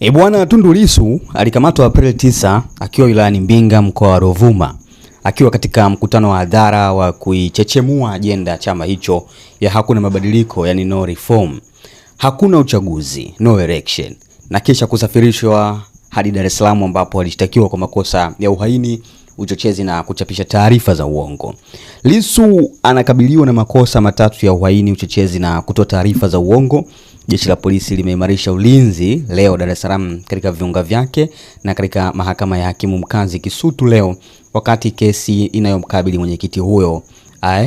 E bwana, Tundu Lissu alikamatwa Aprili 9 akiwa wilayani Mbinga mkoa wa Ruvuma akiwa katika mkutano wa hadhara wa kuichechemua ajenda ya chama hicho ya hakuna mabadiliko, yani no reform, hakuna uchaguzi, no election, na kisha kusafirishwa hadi Dar es Salaam ambapo alishtakiwa kwa makosa ya uhaini, uchochezi na kuchapisha taarifa za uongo. Lissu anakabiliwa na makosa matatu ya uhaini, uchochezi na kutoa taarifa za uongo Jeshi la polisi limeimarisha ulinzi leo Dar es Salaam katika viunga vyake na katika mahakama ya hakimu mkazi Kisutu leo wakati kesi inayomkabili mwenyekiti huyo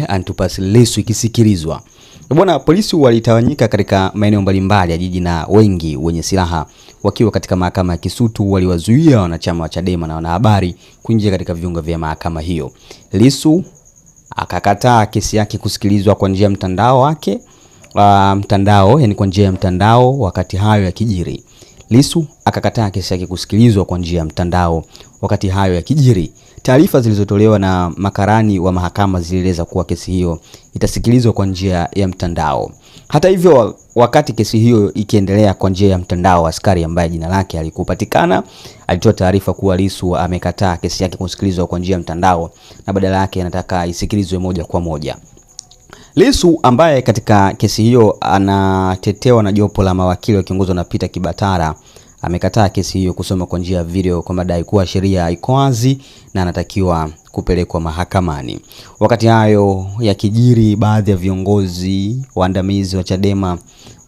Antipas Lissu ikisikilizwa. Bwana, polisi walitawanyika katika maeneo mbalimbali ya jiji na wengi wenye silaha wakiwa katika mahakama ya Kisutu waliwazuia wanachama wa Chadema na wanahabari kuingia katika viunga vya mahakama hiyo. Lissu akakataa kesi yake kusikilizwa kwa njia ya mtandao wake uh, mtandao, yani kwa njia ya mtandao. Wakati hayo ya kijiri. Lisu akakataa kesi yake kusikilizwa kwa njia ya mtandao. Wakati hayo ya kijiri. taarifa zilizotolewa na makarani wa mahakama zilieleza kuwa kesi hiyo itasikilizwa kwa njia ya mtandao. Hata hivyo, wakati kesi hiyo ikiendelea kwa njia ya mtandao, askari ambaye jina lake alikupatikana alitoa taarifa kuwa Lisu amekataa kesi yake kusikilizwa kwa njia ya mtandao na badala yake anataka isikilizwe moja kwa moja. Lissu ambaye katika kesi hiyo anatetewa na jopo la mawakili wakiongozwa na Peter Kibatara amekataa kesi hiyo kusoma kwa njia ya video kwa madai kuwa sheria iko wazi na anatakiwa kupelekwa mahakamani. Wakati hayo yakijiri, baadhi ya viongozi waandamizi wa Chadema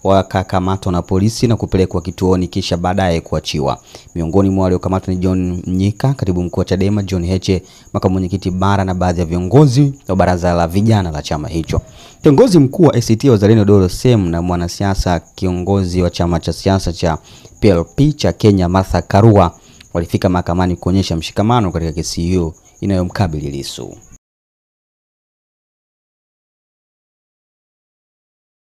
wakakamatwa na polisi na kupelekwa kituoni kisha baadaye kuachiwa. Miongoni mwa waliokamatwa ni John Mnyika, katibu mkuu wa Chadema, John Heche, makamu mwenyekiti bara, na baadhi ya viongozi wa baraza la vijana la chama hicho. Kiongozi mkuu wa ACT Wazalendo Doro Sem na mwanasiasa kiongozi wa chama cha siasa cha PLP cha Kenya Martha Karua walifika mahakamani kuonyesha mshikamano katika kesi hiyo inayomkabili Lissu.